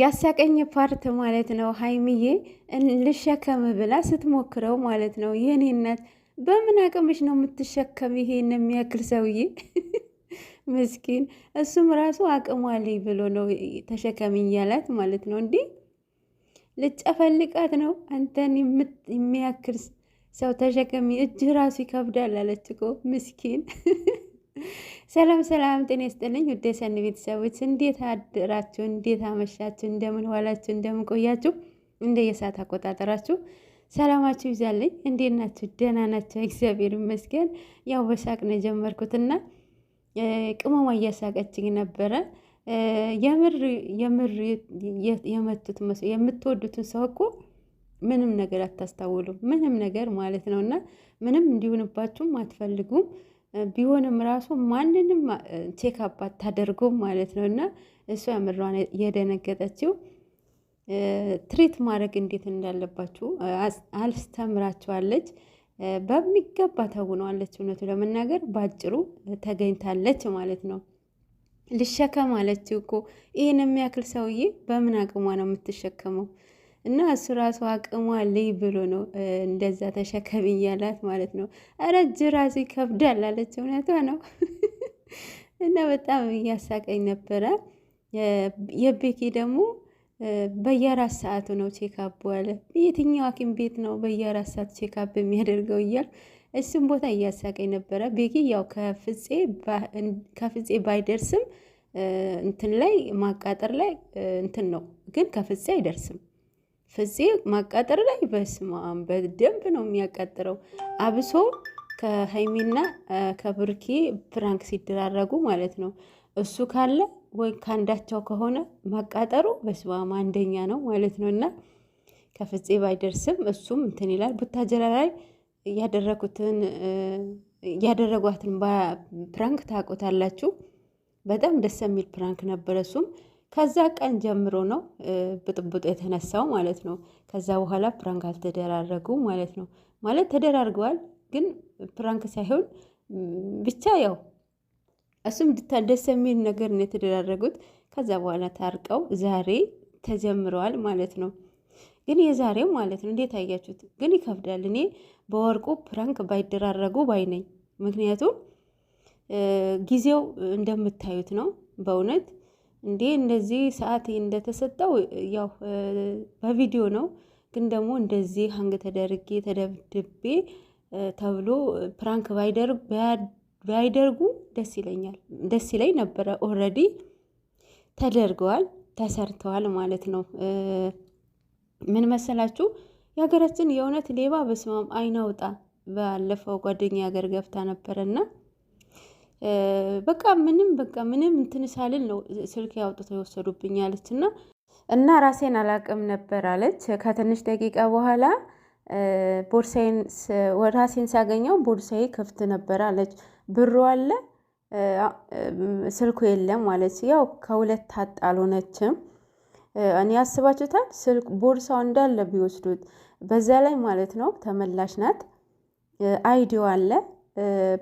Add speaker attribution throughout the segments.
Speaker 1: ያሳቀኝ ፓርት ማለት ነው ሀይሚዬ ልሸከም ብላ ስትሞክረው ማለት ነው። የኔነት እናት በምን አቅምሽ ነው የምትሸከም? ይሄ የሚያክል ሰውዬ ምስኪን፣ እሱም ራሱ አለኝ ብሎ ነው ተሸከም እያላት ማለት ነው። እንዲህ ልጨፈልቃት ነው አንተን የሚያክል ሰው ተሸከሚ፣ እጅ ራሱ ይከብዳል አለች እኮ ምስኪን ሰላም ሰላም፣ ጤና ይስጥልኝ ውድ የሰኒ ቤተሰቦች፣ እንዴት አድራችሁ? እንዴት አመሻችሁ? እንደምን ዋላችሁ? እንደምን ቆያችሁ? እንደ የሰዓት አቆጣጠራችሁ ሰላማችሁ ይዛለኝ። እንዴት ናችሁ? ደህና ናቸው፣ እግዚአብሔር ይመስገን። ያው በሳቅ ነው የጀመርኩትና ቅመሟ እያሳቀችኝ ነበረ። የምር የምር የመቱት መስሎ የምትወዱትን ሰው እኮ ምንም ነገር አታስታውሉም፣ ምንም ነገር ማለት ነው። እና ምንም እንዲሆንባችሁም አትፈልጉም። ቢሆንም ራሱ ማንንም ቼክአፕ አታደርጉም ማለት ነው። እና እሷ ምሯን የደነገጠችው ትሪት ማድረግ እንዴት እንዳለባችሁ አልስተምራችኋለች። በሚገባ ተውነዋለች። እውነቱ ለመናገር ባጭሩ ተገኝታለች ማለት ነው። ልሸከም አለችው እኮ ይህን የሚያክል ሰውዬ በምን አቅሟ ነው የምትሸከመው? እና እሱ ራሱ አቅሟ ልይ ብሎ ነው እንደዛ ተሸከምኝ ያላት ማለት ነው። ኧረ እጅ ራሱ ይከብዳል አለች። እውነቷ ነው። እና በጣም እያሳቀኝ ነበረ። የቤኪ ደግሞ በየአራት ሰዓቱ ነው ቼካፕ አለ። የትኛው ሐኪም ቤት ነው በየአራት ሰዓቱ ቼካፕ የሚያደርገው እያል እሱም ቦታ እያሳቀኝ ነበረ። ቤኪ ያው ከፍፄ ባይደርስም እንትን ላይ ማቃጠር ላይ እንትን ነው ግን ከፍፄ አይደርስም። ፍፄ ማቃጠር ላይ በስማም በደንብ ነው የሚያቃጥረው። አብሶ ከሀይሚና ከብርኬ ፕራንክ ሲደራረጉ ማለት ነው። እሱ ካለ ወይ ከአንዳቸው ከሆነ ማቃጠሩ በስማም አንደኛ ነው ማለት ነው። እና ከፍፄ ባይደርስም እሱም እንትን ይላል። ቡታጀራ ላይ ያደረጉትን ያደረጓትን ፕራንክ ታውቁታላችሁ። በጣም ደስ የሚል ፕራንክ ነበረ እሱም ከዛ ቀን ጀምሮ ነው ብጥብጡ የተነሳው ማለት ነው። ከዛ በኋላ ፕራንክ አልተደራረጉ ማለት ነው። ማለት ተደራርገዋል፣ ግን ፕራንክ ሳይሆን ብቻ ያው እሱም ደስ የሚል ነገር ነው የተደራረጉት። ከዛ በኋላ ታርቀው ዛሬ ተጀምረዋል ማለት ነው። ግን የዛሬው ማለት ነው እንዴት አያችሁት? ግን ይከብዳል። እኔ በወርቁ ፕራንክ ባይደራረጉ ባይ ነኝ ምክንያቱም ጊዜው እንደምታዩት ነው በእውነት እንዴ እንደዚህ ሰዓት እንደተሰጠው ያው በቪዲዮ ነው፣ ግን ደግሞ እንደዚህ ሀንግ ተደርጌ ተደብድቤ ተብሎ ፕራንክ ባይደርጉ ደስ ይለኛል፣ ደስ ይለኝ ነበረ። ኦልሬዲ ተደርገዋል፣ ተሰርተዋል ማለት ነው። ምን መሰላችሁ የሀገራችን የእውነት ሌባ በስማም አይናውጣ። ባለፈው ጓደኛ ሀገር ገብታ ነበረና በቃ ምንም በቃ ምንም እንትን ሳልል ነው ስልክ አውጥተው የወሰዱብኝ አለች እና እና ራሴን አላቅም ነበር አለች። ከትንሽ ደቂቃ በኋላ ቦርሳዬን ራሴን ሳገኘው ቦርሳዬ ክፍት ነበር አለች። ብሩ አለ ስልኩ የለም አለች። ያው ከሁለት ታጣ አልሆነችም። እኔ ያስባችሁታል ስልክ ቦርሳው እንዳለ ቢወስዱት፣ በዛ ላይ ማለት ነው ተመላሽ ናት አይዲዋ አለ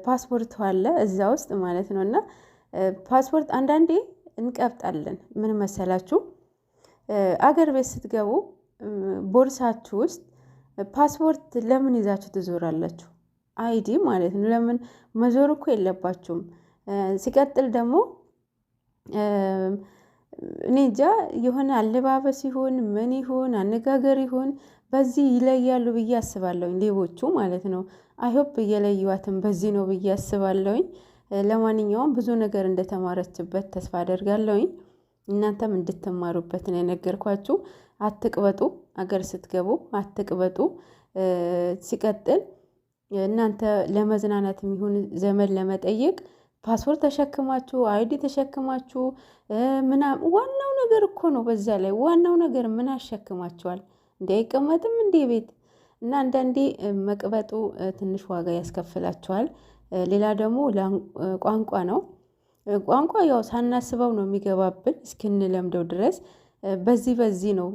Speaker 1: ፓስፖርት አለ እዛ ውስጥ ማለት ነው። እና ፓስፖርት አንዳንዴ እንቀብጣለን። ምን መሰላችሁ? አገር ቤት ስትገቡ ቦርሳችሁ ውስጥ ፓስፖርት ለምን ይዛችሁ ትዞራላችሁ? አይዲ ማለት ነው። ለምን መዞር እኮ የለባችሁም። ሲቀጥል ደግሞ እኔ እንጃ የሆነ አለባበስ ይሁን ምን ይሁን አነጋገር ይሁን በዚህ ይለያሉ ብዬ አስባለሁኝ ሌቦቹ ማለት ነው። አይሆፕ እየለዩዋትን በዚህ ነው ብዬ አስባለሁኝ። ለማንኛውም ብዙ ነገር እንደተማረችበት ተስፋ አደርጋለሁኝ። እናንተም እንድትማሩበት ነው የነገርኳችሁ። አትቅበጡ፣ አገር ስትገቡ አትቅበጡ። ሲቀጥል እናንተ ለመዝናናት የሚሆን ዘመን ለመጠየቅ ፓስፖርት ተሸክማችሁ አይዲ ተሸክማችሁ ምናምን ዋናው ነገር እኮ ነው። በዛ ላይ ዋናው ነገር ምን አሸክማችኋል? እንዲ አይቀመጥም እንዴ ቤት እና አንዳንዴ መቅበጡ ትንሽ ዋጋ ያስከፍላቸዋል። ሌላ ደግሞ ቋንቋ ነው። ቋንቋ ያው ሳናስበው ነው የሚገባብን እስክንለምደው ድረስ በዚህ በዚህ ነው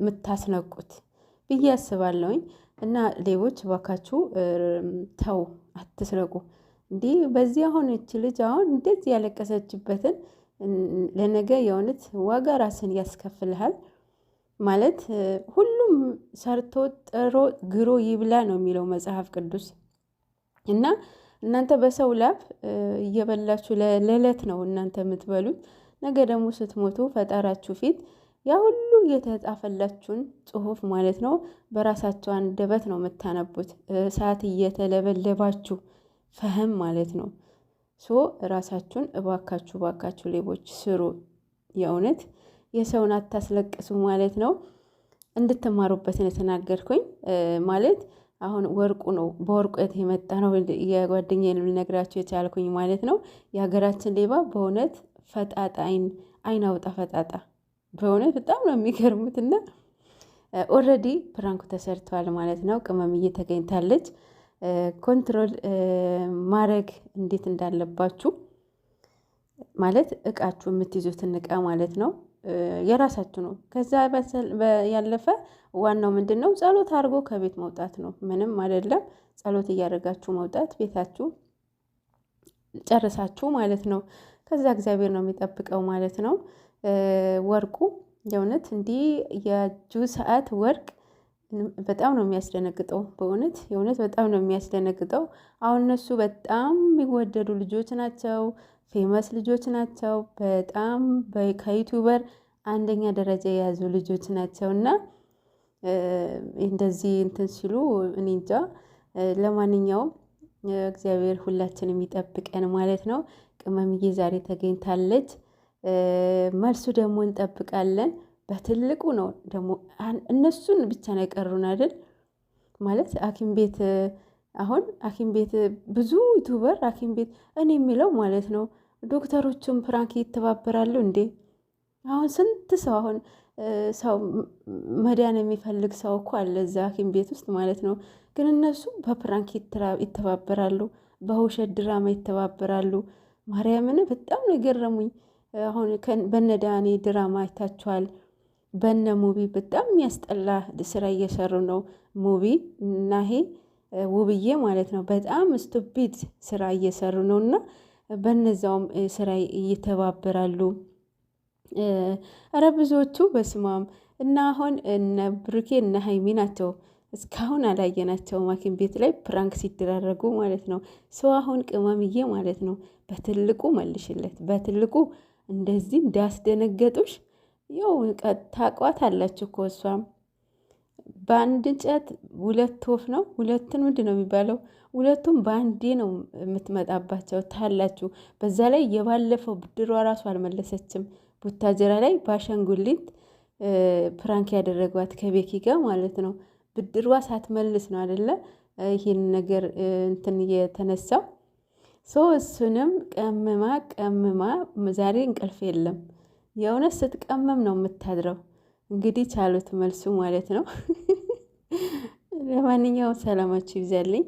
Speaker 1: የምታስነቁት ብዬ አስባለሁኝ። እና ሌቦች ባካችሁ ተው አትስረቁ። እንዲህ በዚህ አሁን እች ልጅ አሁን እንደዚህ ያለቀሰችበትን ለነገ የእውነት ዋጋ ራስን ያስከፍልሃል። ማለት ሁሉም ሰርቶ ጥሮ ግሮ ይብላ ነው የሚለው መጽሐፍ ቅዱስ። እና እናንተ በሰው ላብ እየበላችሁ ለዕለት ነው እናንተ የምትበሉት። ነገ ደግሞ ስትሞቱ ፈጣራችሁ ፊት ያ ሁሉ የተጻፈላችሁን ጽሑፍ ማለት ነው በራሳቸው አንደበት ነው የምታነቡት። እሳት እየተለበለባችሁ ፈህም ማለት ነው። ሶ ራሳችሁን እባካችሁ እባካችሁ ሌቦች ስሩ የእውነት የሰውን አታስለቅሱ ማለት ነው። እንድትማሩበት ነው የተናገርኩኝ ማለት አሁን ወርቁ ነው በወርቁ የመጣ ነው የጓደኛዬን ልነግራቸው የቻልኩኝ ማለት ነው። የሀገራችን ሌባ በእውነት ፈጣጣ አይን አውጣ ፈጣጣ በእውነት በጣም ነው የሚገርሙትና ኦልሬዲ ፕራንኩ ተሰርተዋል ማለት ነው። ቅመምዬ ተገኝታለች። ኮንትሮል ማድረግ እንዴት እንዳለባችሁ ማለት እቃችሁ የምትይዙትን እቃ ማለት ነው የራሳችሁ ነው። ከዛ ያለፈ ዋናው ምንድን ነው? ጸሎት አድርጎ ከቤት መውጣት ነው። ምንም አይደለም። ጸሎት እያደረጋችሁ መውጣት ቤታችሁ ጨርሳችሁ ማለት ነው። ከዛ እግዚአብሔር ነው የሚጠብቀው ማለት ነው። ወርቁ የእውነት እንዲህ የእጁ ሰዓት ወርቅ በጣም ነው የሚያስደነግጠው። በእውነት የእውነት በጣም ነው የሚያስደነግጠው። አሁን እነሱ በጣም የሚወደዱ ልጆች ናቸው። ፌመስ ልጆች ናቸው። በጣም ከዩቲዩበር አንደኛ ደረጃ የያዙ ልጆች ናቸው እና እንደዚህ እንትን ሲሉ እኔ እንጃ። ለማንኛውም እግዚአብሔር ሁላችንም ይጠብቀን ማለት ነው። ቅመምዬ ዛሬ ተገኝታለች። መልሱ ደግሞ እንጠብቃለን። በትልቁ ነው ደግሞ እነሱን ብቻ ነው የቀሩን አይደል? ማለት ሐኪም ቤት አሁን ሐኪም ቤት ብዙ ዩቱበር ሐኪም ቤት እኔ የሚለው ማለት ነው ዶክተሮቹም ፕራንክ ይተባበራሉ እንዴ? አሁን ስንት ሰው አሁን ሰው መዳን የሚፈልግ ሰው እኮ አለ እዛ ሐኪም ቤት ውስጥ ማለት ነው። ግን እነሱ በፕራንክ ይተባበራሉ፣ በውሸት ድራማ ይተባበራሉ። ማርያምን በጣም ነው የገረሙኝ። አሁን ዳኔ ድራማ አይታችኋል። በነ ሙቪ በጣም የሚያስጠላ ስራ እየሰሩ ነው። ሙቪ እና ይሄ ውብዬ ማለት ነው በጣም ስቱፒድ ስራ እየሰሩ ነው እና በነዛውም ስራ ይተባበራሉ። እረ ብዙዎቹ በስማም እና አሁን እነ ብሩኬ እነ ሀይሚ ናቸው እስካሁን አላየናቸው ማኪን ቤት ላይ ፕራንክ ሲደራረጉ ማለት ነው። ሰው አሁን ቅመምዬ ማለት ነው በትልቁ መልሽለት፣ በትልቁ እንደዚህ እንዳስደነገጡሽ ያው ታቋት አላችሁ እኮ እሷም በአንድ እንጨት ሁለት ወፍ ነው። ሁለትን ምንድን ነው የሚባለው? ሁለቱም በአንዴ ነው የምትመጣባቸው ታላችሁ። በዛ ላይ የባለፈው ብድሯ ራሱ አልመለሰችም። ቡታጀራ ላይ በአሻንጉሊት ፕራንክ ያደረጓት ከቤኪ ጋር ማለት ነው። ብድሯ ሳትመልስ ነው አደለ? ይህን ነገር እንትን የተነሳው ሶ እሱንም ቀምማ ቀምማ ዛሬ እንቅልፍ የለም የእውነት ስትቀመም ነው የምታድረው። እንግዲህ ቻሉት መልሱ ማለት ነው። ለማንኛውም ሰላማችሁ ይብዛልኝ።